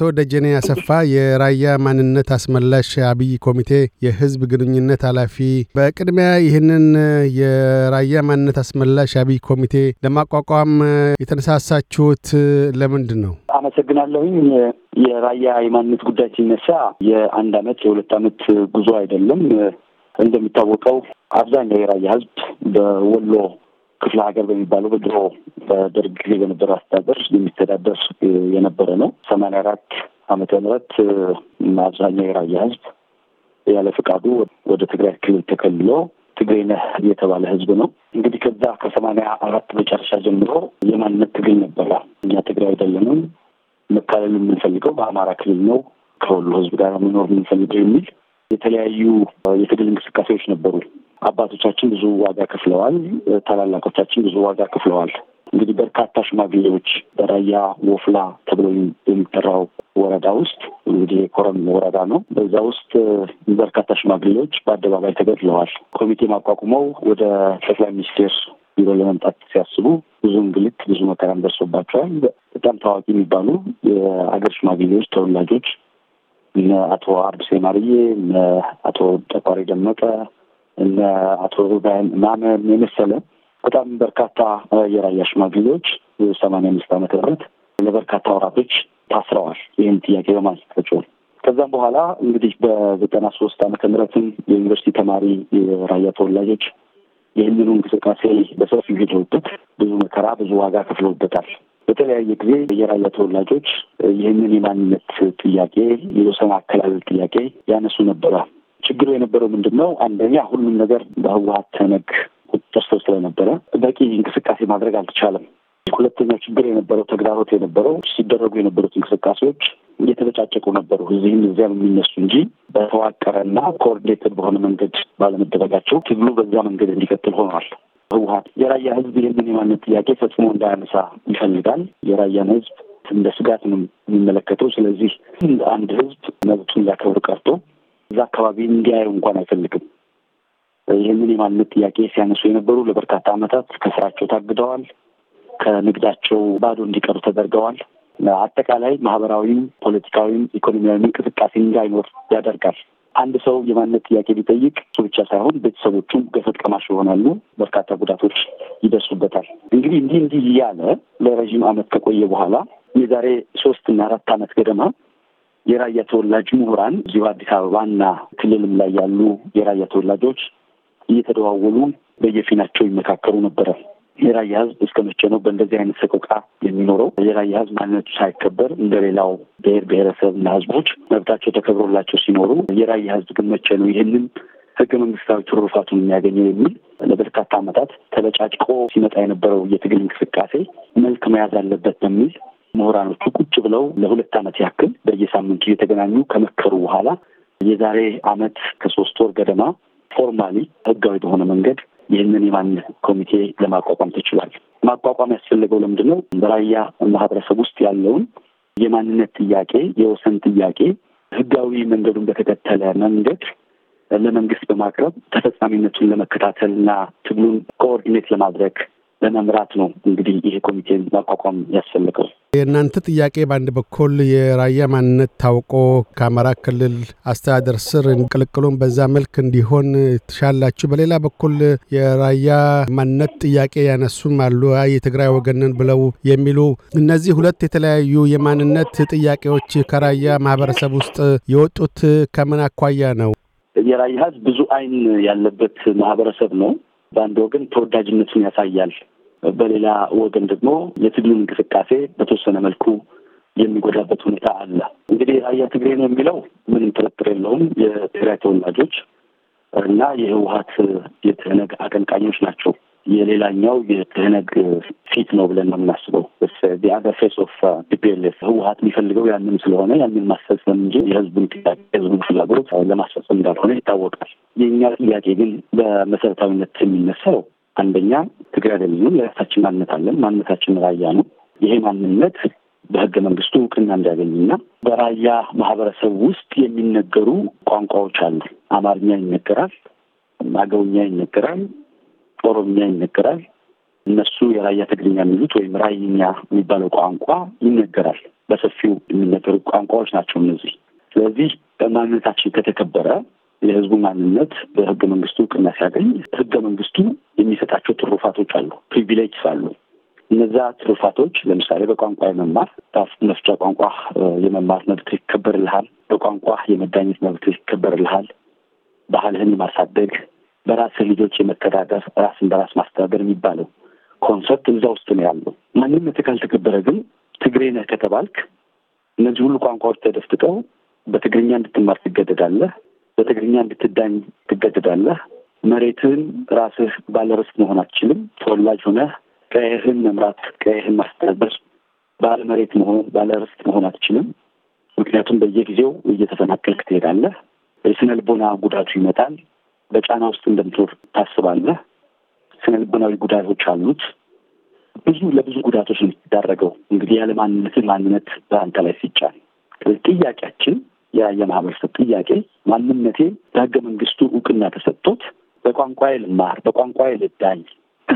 አቶ ደጀኔ አሰፋ የራያ ማንነት አስመላሽ አብይ ኮሚቴ የህዝብ ግንኙነት ኃላፊ፣ በቅድሚያ ይህንን የራያ ማንነት አስመላሽ አብይ ኮሚቴ ለማቋቋም የተነሳሳችሁት ለምንድን ነው? አመሰግናለሁኝ። የራያ የማንነት ጉዳይ ሲነሳ የአንድ አመት የሁለት አመት ጉዞ አይደለም። እንደሚታወቀው አብዛኛው የራያ ህዝብ በወሎ ክፍለ ሀገር በሚባለው በድሮ በደርግ ጊዜ በነበረ አስተዳደር የሚተዳደር የነበረ ነው። ሰማንያ አራት ዓመተ ምህረት አብዛኛው የራያ ህዝብ ያለ ፍቃዱ ወደ ትግራይ ክልል ተከልሎ ትግሬ ነህ የተባለ ህዝብ ነው። እንግዲህ ከዛ ከሰማንያ አራት መጨረሻ ጀምሮ የማንነት ትግል ነበረ። እኛ ትግራይ አይደለንም፣ መካለል የምንፈልገው በአማራ ክልል ነው፣ ከሁሉ ህዝብ ጋር መኖር የምንፈልገው የሚል የተለያዩ የትግል እንቅስቃሴዎች ነበሩ። አባቶቻችን ብዙ ዋጋ ከፍለዋል። ታላላቆቻችን ብዙ ዋጋ ከፍለዋል። እንግዲህ በርካታ ሽማግሌዎች በራያ ወፍላ ተብሎ የሚጠራው ወረዳ ውስጥ እንግዲህ የኮረም ወረዳ ነው። በዛ ውስጥ በርካታ ሽማግሌዎች በአደባባይ ተገድለዋል። ኮሚቴ ማቋቁመው ወደ ጠቅላይ ሚኒስቴር ቢሮ ለመምጣት ሲያስቡ ብዙ እንግልት፣ ብዙ መከራም ደርሶባቸዋል። በጣም ታዋቂ የሚባሉ የአገር ሽማግሌዎች ተወላጆች እነ አቶ አርብሴ ማርዬ፣ እነ አቶ ጠቋሪ ደመቀ እነ አቶ ሩባን ማመን የመሰለ በጣም በርካታ የራያ ሽማግሌዎች ሰማንያ አምስት ዓመተ ምህረት ለበርካታ ወራቶች ታስረዋል። ይህን ጥያቄ በማንሳት ከዛም በኋላ እንግዲህ በዘጠና ሶስት ዓመተ ምህረትም የዩኒቨርሲቲ ተማሪ የራያ ተወላጆች ይህንኑ እንቅስቃሴ በሰፊው ሄደውበት ብዙ መከራ ብዙ ዋጋ ከፍለውበታል። በተለያየ ጊዜ የራያ ተወላጆች ይህንን የማንነት ጥያቄ የወሰን አከላለል ጥያቄ ያነሱ ነበራል። ችግሩ የነበረው ምንድን ነው? አንደኛ ሁሉም ነገር በህወሀት ተነግ ቁጥጥር ስር ስለነበረ በቂ እንቅስቃሴ ማድረግ አልተቻለም። ሁለተኛው ችግር የነበረው ተግዳሮት የነበረው ሲደረጉ የነበሩት እንቅስቃሴዎች እየተበጫጨቁ ነበሩ። እዚህም እዚያም የሚነሱ እንጂ በተዋቀረና ኮኦርዲኔትድ በሆነ መንገድ ባለመደረጋቸው ትግሉ በዛ መንገድ እንዲቀጥል ሆኗል። ህወሀት የራያ ህዝብ ይህንን የማንነት ጥያቄ ፈጽሞ እንዳያነሳ ይፈልጋል። የራያን ህዝብ እንደ ስጋት ነው የሚመለከተው። ስለዚህ አንድ ህዝብ መብቱን ሊያከብር ቀርቶ እዛ አካባቢ እንዲያዩ እንኳን አይፈልግም። ይህንን የማንነት ጥያቄ ሲያነሱ የነበሩ ለበርካታ ዓመታት ከስራቸው ታግደዋል። ከንግዳቸው ባዶ እንዲቀሩ ተደርገዋል። አጠቃላይ ማህበራዊም፣ ፖለቲካዊም፣ ኢኮኖሚያዊም እንቅስቃሴ እንዳይኖር ያደርጋል። አንድ ሰው የማንነት ጥያቄ ቢጠይቅ እሱ ብቻ ሳይሆን ቤተሰቦቹም ገፈት ቀማሽ ይሆናሉ። በርካታ ጉዳቶች ይደርሱበታል። እንግዲህ እንዲህ እንዲህ እያለ ለረዥም ዓመት ከቆየ በኋላ የዛሬ እና አራት ዓመት ገደማ የራያ ተወላጅ ምሁራን እዚሁ አዲስ አበባና ክልልም ላይ ያሉ የራያ ተወላጆች እየተደዋወሉ በየፊናቸው ይመካከሩ ነበረ። የራያ ህዝብ እስከ መቼ ነው በእንደዚህ አይነት ሰቆቃ የሚኖረው? የራያ ህዝብ ማንነቱ ሳይከበር እንደ ሌላው ብሔር ብሔረሰብና ህዝቦች መብታቸው ተከብሮላቸው ሲኖሩ የራያ ህዝብ ግን መቼ ነው ይህንን ህገ መንግስታዊ ትሩፋቱን የሚያገኘው የሚል ለበርካታ ዓመታት ተበጫጭቆ ሲመጣ የነበረው የትግል እንቅስቃሴ መልክ መያዝ አለበት በሚል ምሁራኖቹ ቁጭ ብለው ለሁለት ዓመት ያክል በየሳምንቱ እየተገናኙ ከመከሩ በኋላ የዛሬ ዓመት ከሶስት ወር ገደማ ፎርማሊ ህጋዊ በሆነ መንገድ ይህንን የማንነት ኮሚቴ ለማቋቋም ተችሏል። ማቋቋም ያስፈለገው ለምንድን ነው? በራያ ማህበረሰብ ውስጥ ያለውን የማንነት ጥያቄ፣ የወሰን ጥያቄ ህጋዊ መንገዱን በተከተለ መንገድ ለመንግስት በማቅረብ ተፈጻሚነቱን ለመከታተል እና ትግሉን ኮኦርዲኔት ለማድረግ ለመምራት ነው እንግዲህ ይሄ ኮሚቴ ማቋቋም ያስፈልገው። የእናንተ ጥያቄ በአንድ በኩል የራያ ማንነት ታውቆ ከአማራ ክልል አስተዳደር ስር ቅልቅሉን በዛ መልክ እንዲሆን ትሻላችሁ፣ በሌላ በኩል የራያ ማንነት ጥያቄ ያነሱም አሉ። አይ የትግራይ ወገንን ብለው የሚሉ እነዚህ ሁለት የተለያዩ የማንነት ጥያቄዎች ከራያ ማህበረሰብ ውስጥ የወጡት ከምን አኳያ ነው? የራያ ህዝብ ብዙ አይን ያለበት ማህበረሰብ ነው። በአንድ ወገን ተወዳጅነትን ያሳያል፣ በሌላ ወገን ደግሞ የትግሉን እንቅስቃሴ በተወሰነ መልኩ የሚጎዳበት ሁኔታ አለ። እንግዲህ ራያ ትግሬ ነው የሚለው ምንም ጥርጥር የለውም። የትግራይ ተወላጆች እና የህወሀት የትህነግ አቀንቃኞች ናቸው። የሌላኛው የትህነግ ፊት ነው ብለን ነው የምናስበው። አዘር ፌስ ኦፍ ዲፒኤልኤፍ ህወሀት የሚፈልገው ያንን ስለሆነ ያንን ማስፈጸም እንጂ የህዝቡን ጥያቄ የህዝቡን ፍላጎት ለማስፈጸም እንዳልሆነ ይታወቃል። የእኛ ጥያቄ ግን በመሰረታዊነት የሚነሳው አንደኛ ትግራይ ለሚሆን የራሳችን ማንነት አለን። ማንነታችን ራያ ነው። ይሄ ማንነት በህገ መንግስቱ እውቅና እንዲያገኝና በራያ ማህበረሰብ ውስጥ የሚነገሩ ቋንቋዎች አሉ። አማርኛ ይነገራል፣ አገውኛ ይነገራል፣ ኦሮምኛ ይነገራል። እነሱ የራያ ትግርኛ የሚሉት ወይም ራይኛ የሚባለው ቋንቋ ይነገራል። በሰፊው የሚነገሩ ቋንቋዎች ናቸው እነዚህ። ስለዚህ በማንነታችን ከተከበረ የህዝቡ ማንነት በህገ መንግስቱ እውቅና ሲያገኝ ህገ መንግስቱ የሚሰጣቸው ትሩፋቶች አሉ፣ ፕሪቪሌጅስ አሉ። እነዛ ትሩፋቶች ለምሳሌ በቋንቋ የመማር ጣፍ መፍጫ ቋንቋ የመማር መብት ይከበርልሃል። በቋንቋ የመዳኘት መብት ይከበርልሃል። ባህልህን የማሳደግ በራስህ ልጆች የመተዳደር ራስን በራስ ማስተዳደር የሚባለው ኮንሰርት እዛ ውስጥ ነው ያለው። ማንነት ካልተከበረ ግን ትግሬ ነህ ከተባልክ እነዚህ ሁሉ ቋንቋዎች ተደፍጥቀው በትግርኛ እንድትማር ትገደዳለህ። በትግርኛ እንድትዳኝ ትገደዳለህ። መሬትህን ራስህ ባለርስት መሆን አትችልም። ተወላጅ ሆነህ ቀይህን መምራት፣ ቀይህን ማስተዳደር፣ ባለ መሬት መሆን ባለርስት መሆን አትችልም። ምክንያቱም በየጊዜው እየተፈናቀልክ ትሄዳለህ። የስነ ልቦና ጉዳቱ ይመጣል። በጫና ውስጥ እንደምትኖር ታስባለህ። ስነ ልቦናዊ ጉዳቶች አሉት። ብዙ ለብዙ ጉዳቶች ነው የሚዳረገው። እንግዲህ ያለ ማንነትን ማንነት በአንተ ላይ ሲጫን ጥያቄያችን ማህበረሰብ ጥያቄ ማንነቴ በህገ መንግስቱ እውቅና ተሰጥቶት በቋንቋ ልማር፣ በቋንቋ ልዳኝ፣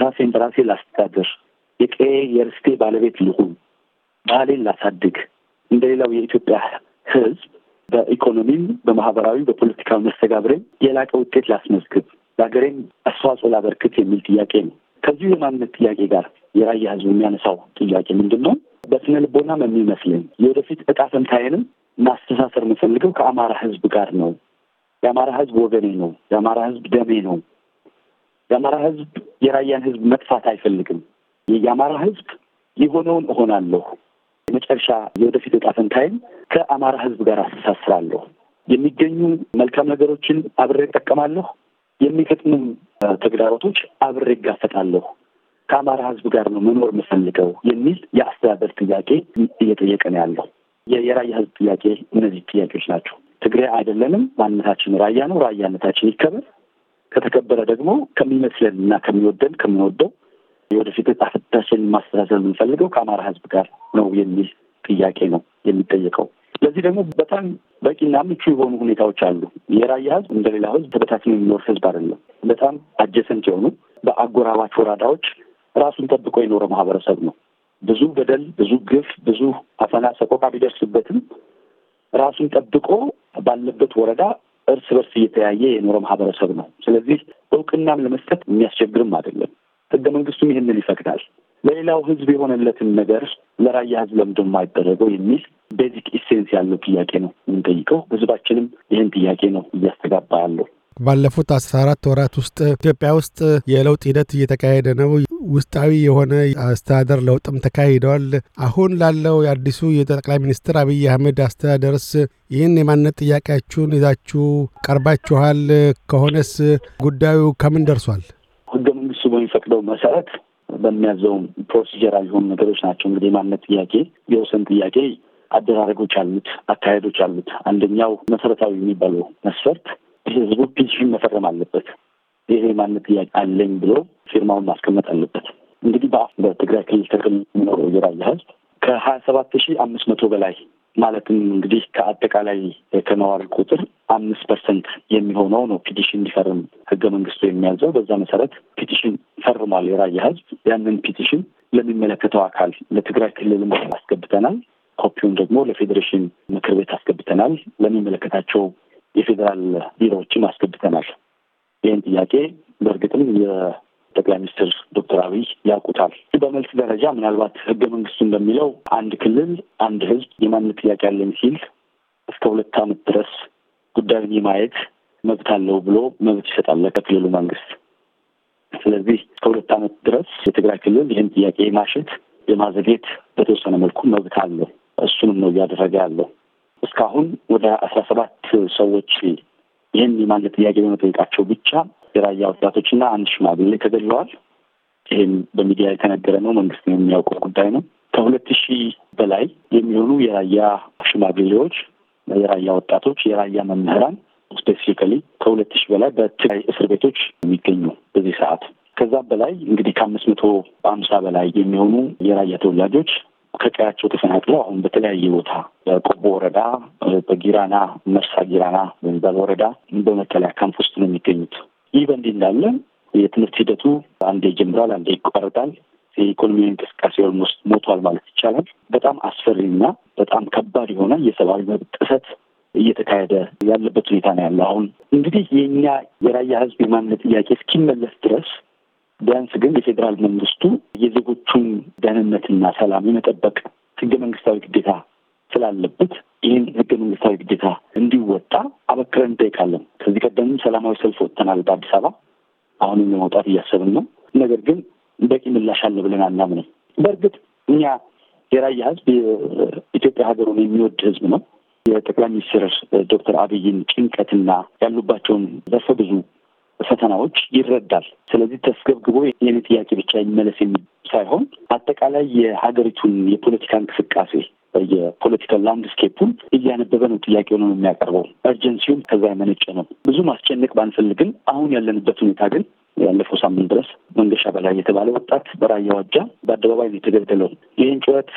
ራሴን በራሴ ላስተዳድር፣ የቀዬ የርስቴ ባለቤት ልሁን፣ ባህሌን ላሳድግ እንደሌላው የኢትዮጵያ ህዝብ በኢኮኖሚም በማህበራዊ በፖለቲካዊ መስተጋብሬም የላቀ ውጤት ላስመዝግብ ለሀገሬም አስተዋጽኦ ላበርክት የሚል ጥያቄ ነው። ከዚሁ የማንነት ጥያቄ ጋር የራያ ህዝብ የሚያነሳው ጥያቄ ምንድን ነው? በስነ ልቦናም የሚመስለኝ የወደፊት እጣ ፈንታዬንም ማስተሳሰር የምፈልገው ከአማራ ህዝብ ጋር ነው። የአማራ ህዝብ ወገኔ ነው። የአማራ ህዝብ ደሜ ነው። የአማራ ህዝብ የራያን ህዝብ መጥፋት አይፈልግም። የአማራ ህዝብ የሆነውን እሆናለሁ። የመጨረሻ የወደፊት ዕጣ ከአማራ ህዝብ ጋር አስተሳስራለሁ። የሚገኙ መልካም ነገሮችን አብሬ እጠቀማለሁ። የሚገጥሙ ተግዳሮቶች አብሬ እጋፈጣለሁ። ከአማራ ህዝብ ጋር ነው መኖር የምፈልገው የሚል የአስተዳደር ጥያቄ እየጠየቀ ነው ያለው። የራያ ህዝብ ጥያቄ እነዚህ ጥያቄዎች ናቸው። ትግራይ አይደለንም፣ ማንነታችን ራያ ነው። ራያነታችን ይከበር። ከተከበረ ደግሞ ከሚመስለን እና ከሚወደን ከምንወደው የወደፊት ጣፍታችን ማስተሳሰብ የምንፈልገው ከአማራ ህዝብ ጋር ነው የሚል ጥያቄ ነው የሚጠየቀው። ለዚህ ደግሞ በጣም በቂና ምቹ የሆኑ ሁኔታዎች አሉ። የራያ ህዝብ እንደሌላ ህዝብ ተበታትኖ የሚኖር ህዝብ አይደለም። በጣም አጀሰንት የሆኑ በአጎራባች ወረዳዎች ራሱን ጠብቆ የኖረ ማህበረሰብ ነው። ብዙ በደል፣ ብዙ ግፍ፣ ብዙ አፈና፣ ሰቆቃ ቢደርስበትም ራሱን ጠብቆ ባለበት ወረዳ እርስ በርስ እየተያየ የኖረ ማህበረሰብ ነው። ስለዚህ እውቅናም ለመስጠት የሚያስቸግርም አይደለም። ህገ መንግስቱም ይህንን ይፈቅዳል። ለሌላው ህዝብ የሆነለትን ነገር ለራያ ህዝብ ለምንድን የማይደረገው የሚል ቤዚክ ኢሴንስ ያለው ጥያቄ ነው የምንጠይቀው። ህዝባችንም ይህን ጥያቄ ነው እያስተጋባ ያለው። ባለፉት 14 ወራት ውስጥ ኢትዮጵያ ውስጥ የለውጥ ሂደት እየተካሄደ ነው። ውስጣዊ የሆነ አስተዳደር ለውጥም ተካሂደዋል። አሁን ላለው የአዲሱ የጠቅላይ ሚኒስትር አብይ አህመድ አስተዳደርስ ይህን የማንነት ጥያቄያችሁን ይዛችሁ ቀርባችኋል? ከሆነስ ጉዳዩ ከምን ደርሷል? ህገ መንግስቱ በሚፈቅደው መሰረት በሚያዘው ፕሮሲጀር የሆኑ ነገሮች ናቸው። እንግዲህ የማንነት ጥያቄ፣ የወሰን ጥያቄ አደራረጎች አሉት፣ አካሄዶች አሉት። አንደኛው መሰረታዊ የሚባለው መስፈርት ህዝቡ ፒቲሽን መፈረም አለበት። ይሄ ማንነት ጥያቄ አለኝ ብሎ ፊርማውን ማስቀመጥ አለበት። እንግዲህ በትግራይ ክልል ተክል የሚኖረው የራያ ህዝብ ከሀያ ሰባት ሺህ አምስት መቶ በላይ ማለትም እንግዲህ ከአጠቃላይ ከነዋሪ ቁጥር አምስት ፐርሰንት የሚሆነው ነው ፒቲሽን እንዲፈርም ህገ መንግስቱ የሚያዘው። በዛ መሰረት ፒቲሽን ፈርሟል የራያ ህዝብ። ያንን ፒቲሽን ለሚመለከተው አካል ለትግራይ ክልል አስገብተናል። ኮፒውን ደግሞ ለፌዴሬሽን ምክር ቤት አስገብተናል። ለሚመለከታቸው የፌዴራል ቢሮዎችን አስገድተናል። ይህን ጥያቄ በእርግጥም የጠቅላይ ሚኒስትር ዶክተር አብይ ያውቁታል። በመልስ ደረጃ ምናልባት ህገ መንግስቱ እንደሚለው አንድ ክልል አንድ ህዝብ የማንነት ጥያቄ አለኝ ሲል እስከ ሁለት ዓመት ድረስ ጉዳዩን የማየት መብት አለው ብሎ መብት ይሰጣል ከክልሉ መንግስት። ስለዚህ እስከ ሁለት ዓመት ድረስ የትግራይ ክልል ይህን ጥያቄ የማሸት የማዘግየት በተወሰነ መልኩ መብት አለው። እሱንም ነው እያደረገ ያለው። እስካሁን ወደ አስራ ሰባት ሰዎች ይህን የማንነት ጥያቄ በመጠየቃቸው ብቻ የራያ ወጣቶችና አንድ ሽማግሌ ተገድለዋል። ይህም በሚዲያ የተነገረ ነው። መንግስት የሚያውቀው ጉዳይ ነው። ከሁለት ሺህ በላይ የሚሆኑ የራያ ሽማግሌዎች፣ የራያ ወጣቶች፣ የራያ መምህራን ስፔሲፊካሊ ከሁለት ሺህ በላይ በትግራይ እስር ቤቶች የሚገኙ በዚህ ሰዓት ከዛም በላይ እንግዲህ ከአምስት መቶ አምሳ በላይ የሚሆኑ የራያ ተወላጆች ከቀያቸው ተፈናቅለው አሁን በተለያየ ቦታ በቆቦ ወረዳ፣ በጊራና መርሳ ጊራና በሚባል ወረዳ በመጠለያ ካምፕ ውስጥ ነው የሚገኙት። ይህ በእንዲህ እንዳለ የትምህርት ሂደቱ አንዴ ይጀምራል፣ አንዴ ይቋረጣል። የኢኮኖሚ እንቅስቃሴ ኦልሞስት ሞቷል ማለት ይቻላል። በጣም አስፈሪና በጣም ከባድ የሆነ የሰብአዊ መብት ጥሰት እየተካሄደ ያለበት ሁኔታ ነው ያለው። አሁን እንግዲህ የእኛ የራያ ህዝብ የማንነት ጥያቄ እስኪመለስ ድረስ ቢያንስ ግን የፌዴራል መንግስቱ የዜጎቹን ደህንነትና ሰላም የመጠበቅ ህገ መንግስታዊ ግዴታ ስላለበት ይህን ህገ መንግስታዊ ግዴታ እንዲወጣ አበክረን እንጠይቃለን። ከዚህ ቀደምም ሰላማዊ ሰልፍ ወጥተናል በአዲስ አበባ። አሁንም ለመውጣት እያሰብን ነው። ነገር ግን በቂ ምላሽ አለ ብለን አናምንም። በእርግጥ እኛ የራያ ህዝብ የኢትዮጵያ ሀገሩን የሚወድ ህዝብ ነው። የጠቅላይ ሚኒስትር ዶክተር አብይን ጭንቀትና ያሉባቸውን ዘርፈ ብዙ ፈተናዎች ይረዳል። ስለዚህ ተስገብግቦ የኔ ጥያቄ ብቻ ይመለስ የሚል ሳይሆን አጠቃላይ የሀገሪቱን የፖለቲካ እንቅስቃሴ የፖለቲካል ላንድስኬፑን እያነበበ ነው ጥያቄ ነው የሚያቀርበው። እርጀንሲውም ከዛ የመነጨ ነው። ብዙ ማስጨነቅ ባንፈልግም አሁን ያለንበት ሁኔታ ግን ያለፈው ሳምንት ድረስ መንገሻ በላይ የተባለ ወጣት በራያ ዋጃ በአደባባይ ነው የተገደለው። ይህን ጩኸት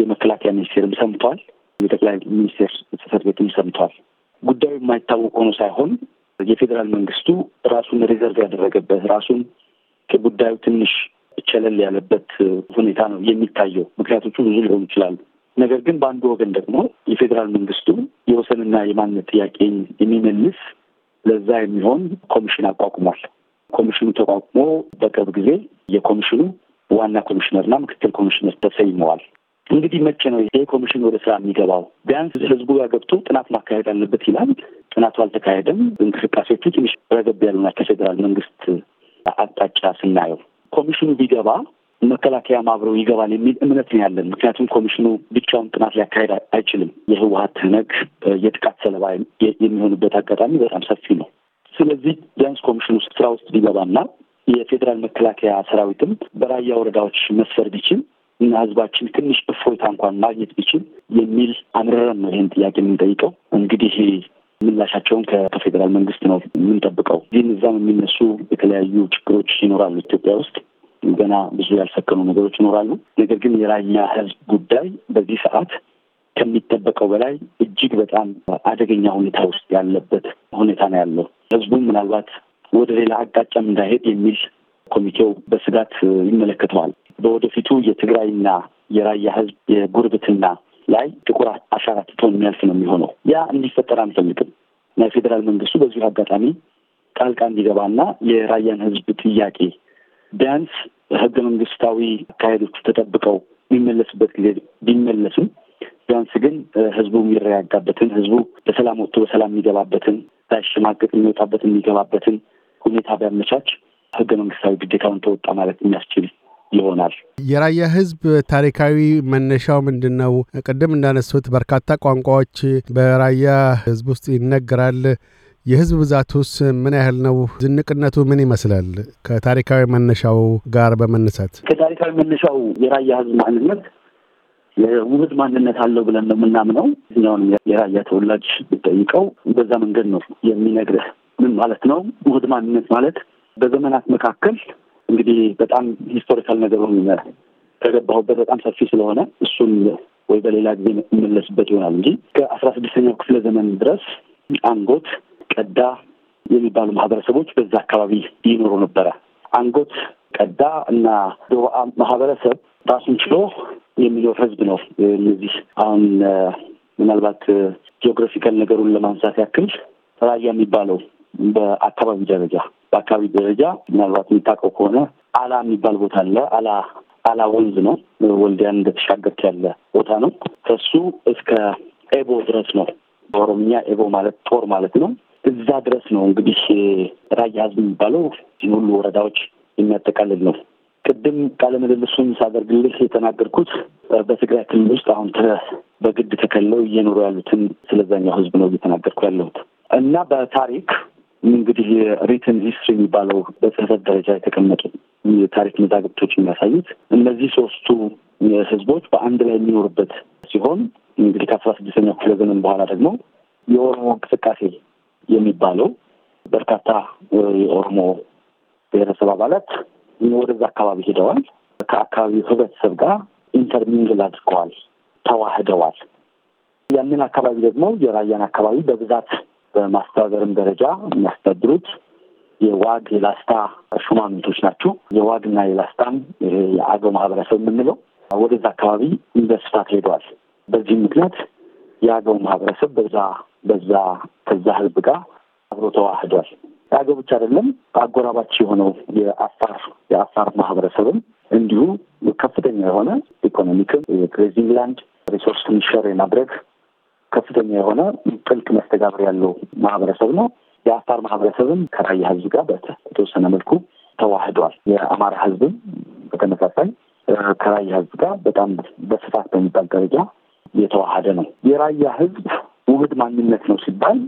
የመከላከያ ሚኒስቴርም ሰምቷል፣ የጠቅላይ ሚኒስቴር ጽሕፈት ቤትም ሰምቷል። ጉዳዩ የማይታወቅ ሆኖ ሳይሆን የፌዴራል መንግስቱ ራሱን ሪዘርቭ ያደረገበት ራሱን ከጉዳዩ ትንሽ ቸለል ያለበት ሁኔታ ነው የሚታየው። ምክንያቶቹ ብዙ ሊሆኑ ይችላሉ። ነገር ግን በአንዱ ወገን ደግሞ የፌዴራል መንግስቱ የወሰንና የማንነት ጥያቄን የሚመልስ ለዛ የሚሆን ኮሚሽን አቋቁሟል። ኮሚሽኑ ተቋቁሞ በቅርብ ጊዜ የኮሚሽኑ ዋና ኮሚሽነርና ምክትል ኮሚሽነር ተሰይመዋል። እንግዲህ መቼ ነው ይሄ ኮሚሽን ወደ ስራ የሚገባው? ቢያንስ ህዝቡ ጋር ገብቶ ጥናት ማካሄድ አለበት ይላል። ጥናቱ አልተካሄደም። እንቅስቃሴዎቹ ትንሽ ረገብ ያሉ ናቸው። ፌዴራል መንግስት አቅጣጫ ስናየው ኮሚሽኑ ቢገባ መከላከያም አብረው ይገባል የሚል እምነት ነው ያለን። ምክንያቱም ኮሚሽኑ ብቻውን ጥናት ሊያካሄድ አይችልም። የህወሀት ትህነግ የጥቃት ሰለባ የሚሆኑበት አጋጣሚ በጣም ሰፊ ነው። ስለዚህ ቢያንስ ኮሚሽኑ ስራ ውስጥ ቢገባና የፌዴራል መከላከያ ሰራዊትም በራያ ወረዳዎች መስፈር ቢችል እና ህዝባችን ትንሽ እፎይታ እንኳን ማግኘት ቢችል የሚል አምርረን ነው ይህን ጥያቄ የምንጠይቀው እንግዲህ ምላሻቸውን ከፌዴራል መንግስት ነው የምንጠብቀው። ግን እዛም የሚነሱ የተለያዩ ችግሮች ይኖራሉ ኢትዮጵያ ውስጥ ገና ብዙ ያልሰከኑ ነገሮች ይኖራሉ። ነገር ግን የራያ ህዝብ ጉዳይ በዚህ ሰዓት ከሚጠበቀው በላይ እጅግ በጣም አደገኛ ሁኔታ ውስጥ ያለበት ሁኔታ ነው ያለው። ህዝቡም ምናልባት ወደ ሌላ አቅጣጫም እንዳይሄድ የሚል ኮሚቴው በስጋት ይመለከተዋል። በወደፊቱ የትግራይና የራያ ህዝብ የጉርብትና ላይ ጥቁር አሻራ ትቶ የሚያልፍ ነው የሚሆነው። ያ እንዲፈጠር አንፈልግም እና የፌዴራል መንግስቱ በዚሁ አጋጣሚ ጣልቃ እንዲገባና የራያን ህዝብ ጥያቄ ቢያንስ ህገ መንግስታዊ አካሄዶቹ ተጠብቀው የሚመለስበት ጊዜ ቢመለስም ቢያንስ ግን ህዝቡ የሚረጋጋበትን ህዝቡ በሰላም ወጥቶ በሰላም የሚገባበትን ሳይሸማቀቅ የሚወጣበትን የሚገባበትን ሁኔታ ቢያመቻች ህገ መንግስታዊ ግዴታውን ተወጣ ማለት የሚያስችል ይሆናል። የራያ ህዝብ ታሪካዊ መነሻው ምንድን ነው? ቅድም እንዳነሱት በርካታ ቋንቋዎች በራያ ህዝብ ውስጥ ይነገራል። የህዝብ ብዛቱስ ምን ያህል ነው? ዝንቅነቱ ምን ይመስላል? ከታሪካዊ መነሻው ጋር በመነሳት ከታሪካዊ መነሻው የራያ ህዝብ ማንነት የውህድ ማንነት አለው ብለን ነው የምናምነው። እኛውን የራያ ተወላጅ ብጠይቀው በዛ መንገድ ነው የሚነግርህ። ምን ማለት ነው ውህድ ማንነት ማለት? በዘመናት መካከል እንግዲህ በጣም ሂስቶሪካል ነገሩን ከገባሁበት በጣም ሰፊ ስለሆነ እሱን ወይ በሌላ ጊዜ የምመለስበት ይሆናል እንጂ ከአስራ ስድስተኛው ክፍለ ዘመን ድረስ አንጎት፣ ቀዳ የሚባሉ ማህበረሰቦች በዛ አካባቢ ይኖሩ ነበረ። አንጎት፣ ቀዳ እና ዶባአ ማህበረሰብ ራሱን ችሎ የሚኖር ህዝብ ነው። እነዚህ አሁን ምናልባት ጂኦግራፊካል ነገሩን ለማንሳት ያክል ራያ የሚባለው በአካባቢ ደረጃ በአካባቢ ደረጃ ምናልባት የምታውቀው ከሆነ አላ የሚባል ቦታ አለ። አላ አላ ወንዝ ነው። ወልዲያን እንደተሻገርክ ያለ ቦታ ነው። ከሱ እስከ ኤቦ ድረስ ነው። በኦሮምኛ ኤቦ ማለት ጦር ማለት ነው። እዛ ድረስ ነው እንግዲህ ራያ ህዝብ የሚባለው ሁሉ ወረዳዎች የሚያጠቃልል ነው። ቅድም ቃለ ምልልሱን ሳደርግልህ የተናገርኩት በትግራይ ክልል ውስጥ አሁን በግድ ተከለው እየኖሩ ያሉትን ስለዛኛው ህዝብ ነው እየተናገርኩ ያለሁት እና በታሪክ እንግዲህ ሪትን ሂስትሪ የሚባለው በጽህፈት ደረጃ የተቀመጡ የታሪክ መዛግብቶች የሚያሳዩት እነዚህ ሶስቱ ህዝቦች በአንድ ላይ የሚኖሩበት ሲሆን እንግዲህ ከአስራ ስድስተኛው ክፍለ ዘመን በኋላ ደግሞ የኦሮሞ እንቅስቃሴ የሚባለው በርካታ የኦሮሞ ብሔረሰብ አባላት ወደዛ አካባቢ ሄደዋል። ከአካባቢው ህብረተሰብ ጋር ኢንተርሚንግል አድርገዋል፣ ተዋህደዋል። ያንን አካባቢ ደግሞ የራያን አካባቢ በብዛት በማስተዳደርም ደረጃ የሚያስተዳድሩት የዋግ የላስታ ሹማምንቶች ናቸው። የዋግና የላስታም ይሄ የአገው ማህበረሰብ የምንለው ወደዛ አካባቢ በስፋት ሄደዋል። በዚህም ምክንያት የአገው ማህበረሰብ በዛ በዛ ከዛ ህዝብ ጋር አብሮ ተዋህዷል። የአገው ብቻ አይደለም፣ አጎራባች የሆነው የአፋር የአፋር ማህበረሰብም እንዲሁ ከፍተኛ የሆነ ኢኮኖሚክም የግሬዚንግ ላንድ ሪሶርስ ሼር የማድረግ ከፍተኛ የሆነ ጥልቅ መስተጋብር ያለው ማህበረሰብ ነው። የአፋር ማህበረሰብም ከራያ ህዝብ ጋር በተወሰነ መልኩ ተዋህዷል። የአማራ ህዝብም በተመሳሳይ ከራያ ህዝብ ጋር በጣም በስፋት በሚባል ደረጃ የተዋሃደ ነው። የራያ ህዝብ ውህድ ማንነት ነው ሲባል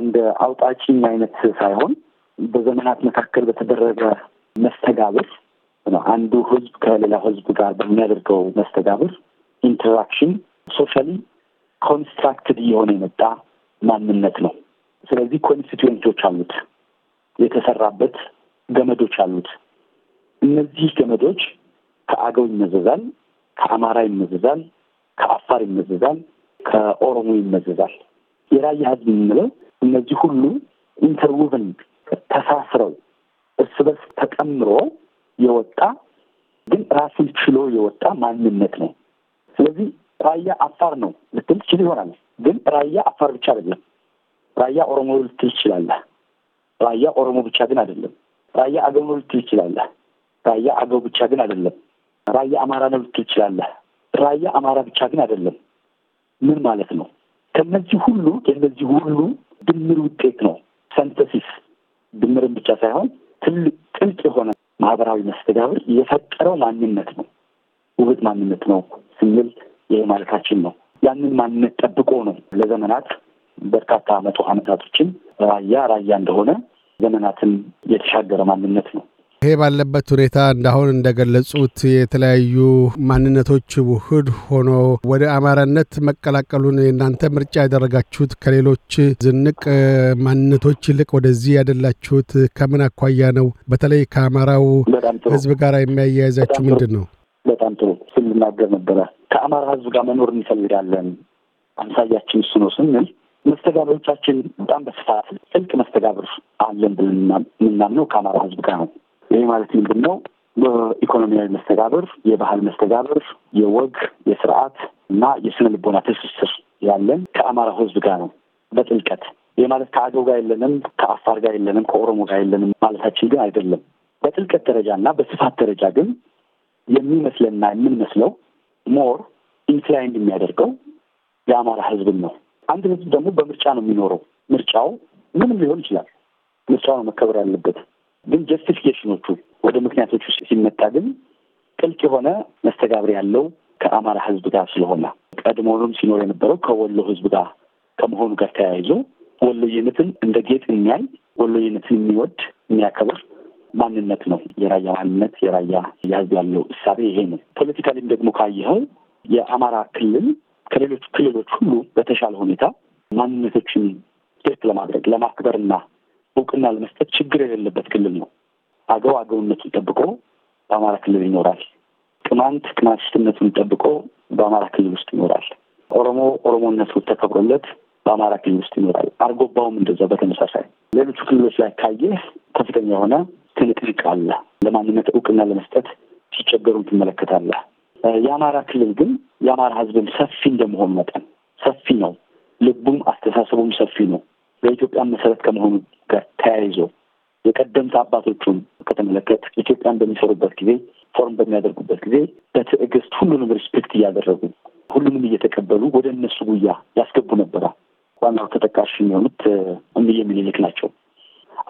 እንደ አውጣጭኝ አይነት ሳይሆን በዘመናት መካከል በተደረገ መስተጋብር አንዱ ህዝብ ከሌላው ህዝብ ጋር በሚያደርገው መስተጋብር ኢንተራክሽን ሶሻሊ ኮንስትራክትድ እየሆነ የመጣ ማንነት ነው። ስለዚህ ኮንስቲትዌንቶች አሉት፣ የተሰራበት ገመዶች አሉት። እነዚህ ገመዶች ከአገው ይመዘዛል፣ ከአማራ ይመዘዛል፣ ከአፋር ይመዘዛል፣ ከኦሮሞ ይመዘዛል። የራያ ህዝብ የምንለው እነዚህ ሁሉ ኢንተርዊቭን ተሳስረው እርስ በርስ ተቀምሮ የወጣ ግን ራሱን ችሎ የወጣ ማንነት ነው። ስለዚህ ራያ አፋር ነው ልትል ትችል ይሆናል። ግን ራያ አፋር ብቻ አይደለም። ራያ ኦሮሞ ልትል ትችላለህ። ራያ ኦሮሞ ብቻ ግን አይደለም። ራያ አገው ነው ልትል ትችላለህ። ራያ አገው ብቻ ግን አይደለም። ራያ አማራ ነው ልትል ትችላለህ። ራያ አማራ ብቻ ግን አይደለም። ምን ማለት ነው? ከነዚህ ሁሉ የነዚህ ሁሉ ድምር ውጤት ነው ሰንተሲስ። ድምርን ብቻ ሳይሆን ትልቅ ጥልቅ የሆነ ማህበራዊ መስተጋብር የፈጠረው ማንነት ነው። ውበት ማንነት ነው ስንል ይህ ማለታችን ነው። ያንን ማንነት ጠብቆ ነው ለዘመናት በርካታ መቶ ዓመታቶችን ራያ ራያ እንደሆነ ዘመናትን የተሻገረ ማንነት ነው። ይሄ ባለበት ሁኔታ እንዳሁን እንደገለጹት የተለያዩ ማንነቶች ውህድ ሆኖ ወደ አማራነት መቀላቀሉን የእናንተ ምርጫ ያደረጋችሁት ከሌሎች ዝንቅ ማንነቶች ይልቅ ወደዚህ ያደላችሁት ከምን አኳያ ነው? በተለይ ከአማራው ሕዝብ ጋር የሚያያይዛችሁ ምንድን ነው? በጣም ጥሩ ስንናገር ነበረ። ከአማራ ህዝብ ጋር መኖር እንፈልጋለን አምሳያችን እሱ ነው ስንል መስተጋብሮቻችን በጣም በስፋት ጥልቅ መስተጋብር አለን ብለን የምናምነው ከአማራ ህዝብ ጋር ነው። ይህ ማለት ምንድን ነው? በኢኮኖሚያዊ መስተጋብር፣ የባህል መስተጋብር፣ የወግ የስርዓት እና የስነ ልቦና ትስስር ያለን ከአማራ ህዝብ ጋር ነው በጥልቀት። ይህ ማለት ከአገው ጋር የለንም፣ ከአፋር ጋር የለንም፣ ከኦሮሞ ጋር የለንም ማለታችን ግን አይደለም። በጥልቀት ደረጃ እና በስፋት ደረጃ ግን የሚመስለንና የምንመስለው ሞር ኢንክላይንድ የሚያደርገው የአማራ ህዝብን ነው። አንድ ህዝብ ደግሞ በምርጫ ነው የሚኖረው። ምርጫው ምንም ሊሆን ይችላል። ምርጫው ነው መከበር ያለበት። ግን ጀስቲፊኬሽኖቹ ወደ ምክንያቶቹ ሲመጣ ግን ጥልቅ የሆነ መስተጋብር ያለው ከአማራ ህዝብ ጋር ስለሆነ ቀድሞውንም ሲኖር የነበረው ከወሎ ህዝብ ጋር ከመሆኑ ጋር ተያይዞ ወሎዬነትን እንደ ጌጥ የሚያይ ወሎዬነትን የሚወድ የሚያከብር ማንነት ነው። የራያ ማንነት የራያ ያዝ ያለው እሳቤ ይሄ ነው። ፖለቲካሊም ደግሞ ካየኸው የአማራ ክልል ከሌሎች ክልሎች ሁሉ በተሻለ ሁኔታ ማንነቶችን ትርክ ለማድረግ ለማክበርና እውቅና ለመስጠት ችግር የሌለበት ክልል ነው። አገው አገውነቱን ጠብቆ በአማራ ክልል ይኖራል። ቅማንት ቅማንትነቱን ጠብቆ በአማራ ክልል ውስጥ ይኖራል። ኦሮሞ ኦሮሞነቱ ተከብሮለት በአማራ ክልል ውስጥ ይኖራል። አርጎባውም እንደዛ በተመሳሳይ ሌሎቹ ክልሎች ላይ ካየህ ከፍተኛ የሆነ ትንቅንቅ አለ። ለማንነት እውቅና ለመስጠት ሲቸገሩ ትመለከታለህ። የአማራ ክልል ግን የአማራ ህዝብን ሰፊ እንደመሆኑ መጠን ሰፊ ነው፣ ልቡም አስተሳሰቡም ሰፊ ነው። በኢትዮጵያ መሰረት ከመሆኑ ጋር ተያይዞ የቀደምት አባቶቹን ከተመለከት ኢትዮጵያን በሚሰሩበት ጊዜ ፎርም በሚያደርጉበት ጊዜ በትዕግስት ሁሉንም ሪስፔክት እያደረጉ ሁሉንም እየተቀበሉ ወደ እነሱ ጉያ ያስገቡ ነበረ። ዋናው ተጠቃሽ የሚሆኑት እምዬ ምኒልክ ናቸው።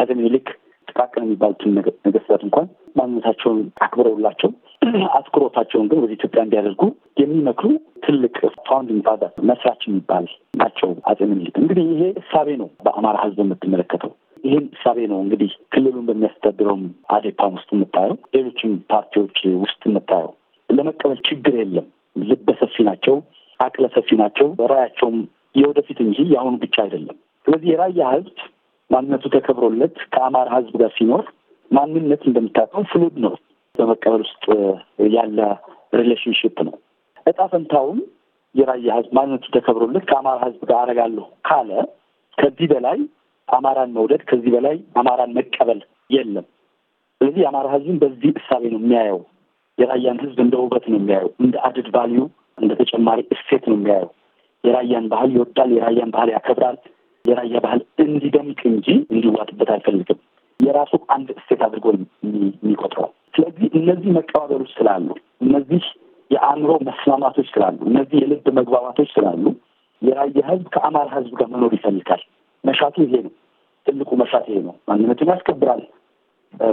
አፄ ምኒልክ ጥቃቅን የሚባሉትን ነገስታት እንኳን ማንነታቸውን አክብረውላቸው አትኩሮታቸውን ግን ወደ ኢትዮጵያ እንዲያደርጉ የሚመክሩ ትልቅ ፋውንዲንግ ፋዘር መስራች የሚባል ናቸው አፄ ምኒልክ። እንግዲህ ይሄ እሳቤ ነው በአማራ ህዝብ የምትመለከተው ይህን እሳቤ ነው እንግዲህ ክልሉን በሚያስተዳድረውም አዴፓም ውስጥ የምታየው፣ ሌሎችም ፓርቲዎች ውስጥ የምታየው። ለመቀበል ችግር የለም። ልበ ሰፊ ናቸው፣ አቅለ ሰፊ ናቸው። ራያቸውም የወደፊት እንጂ የአሁኑ ብቻ አይደለም። ስለዚህ የራያ ህዝብ ማንነቱ ተከብሮለት ከአማራ ህዝብ ጋር ሲኖር ማንነት እንደምታውቀው ፍሉድ ነው፣ በመቀበል ውስጥ ያለ ሪሌሽንሽፕ ነው። እጣ ፈንታውም የራያ ህዝብ ማንነቱ ተከብሮለት ከአማራ ህዝብ ጋር አደርጋለሁ ካለ ከዚህ በላይ አማራን መውደድ ከዚህ በላይ አማራን መቀበል የለም። ስለዚህ የአማራ ህዝብን በዚህ እሳቤ ነው የሚያየው። የራያን ህዝብ እንደ ውበት ነው የሚያየው፣ እንደ አድድ ቫሊዩ እንደ ተጨማሪ እሴት ነው የሚያየው። የራያን ባህል ይወዳል፣ የራያን ባህል ያከብራል። የራያ ባህል እንዲደምቅ እንጂ እንዲዋጥበት አይፈልግም። የራሱ አንድ እሴት አድርጎ የሚቆጥረዋል። ስለዚህ እነዚህ መቀባበሎች ስላሉ፣ እነዚህ የአእምሮ መስማማቶች ስላሉ፣ እነዚህ የልብ መግባባቶች ስላሉ የራያ ህዝብ ከአማራ ህዝብ ጋር መኖር ይፈልጋል። መሻቱ ይሄ ነው። ትልቁ መሻት ይሄ ነው። ማንነቱን ያስከብራል።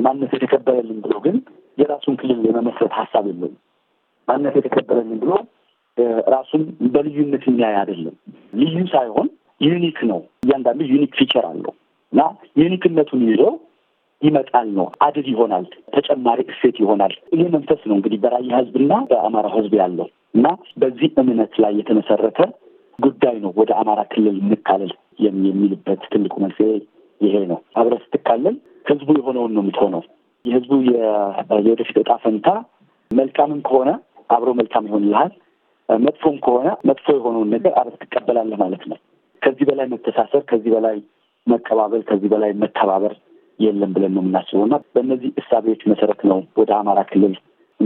ማንነት የተከበረልን ብሎ ግን የራሱን ክልል የመመስረት ሀሳብ የለውም። ማንነት የተከበረልን ብሎ ራሱን በልዩነት የሚያይ አይደለም። ልዩ ሳይሆን ዩኒክ ነው። እያንዳንዱ ዩኒክ ፊቸር አለው እና ዩኒክነቱን ይዘው ይመጣል ነው። አድድ ይሆናል፣ ተጨማሪ እሴት ይሆናል። ይህ መንፈስ ነው እንግዲህ በራያ ህዝብና በአማራ ህዝብ ያለው እና በዚህ እምነት ላይ የተመሰረተ ጉዳይ ነው። ወደ አማራ ክልል እንካለል የሚልበት ትልቁ መንስኤ ይሄ ነው። አብረህ ስትካለል ህዝቡ የሆነውን ነው የምትሆነው። የህዝቡ የወደፊት እጣ ፈንታ መልካምም ከሆነ አብሮ መልካም ይሆንልሃል መጥፎም ከሆነ መጥፎ የሆነውን ነገር አብረህ ትቀበላለህ ማለት ነው። ከዚህ በላይ መተሳሰር፣ ከዚህ በላይ መቀባበል፣ ከዚህ በላይ መተባበር የለም ብለን ነው የምናስበው እና በእነዚህ እሳቤዎች መሰረት ነው ወደ አማራ ክልል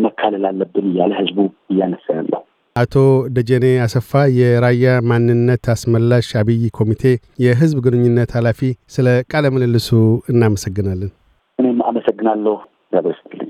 መካለል አለብን እያለ ህዝቡ እያነሳ ያለው። አቶ ደጀኔ አሰፋ የራያ ማንነት አስመላሽ አብይ ኮሚቴ የህዝብ ግንኙነት ኃላፊ፣ ስለ ቃለ ምልልሱ እናመሰግናለን። እኔም አመሰግናለሁ። ያበስልኝ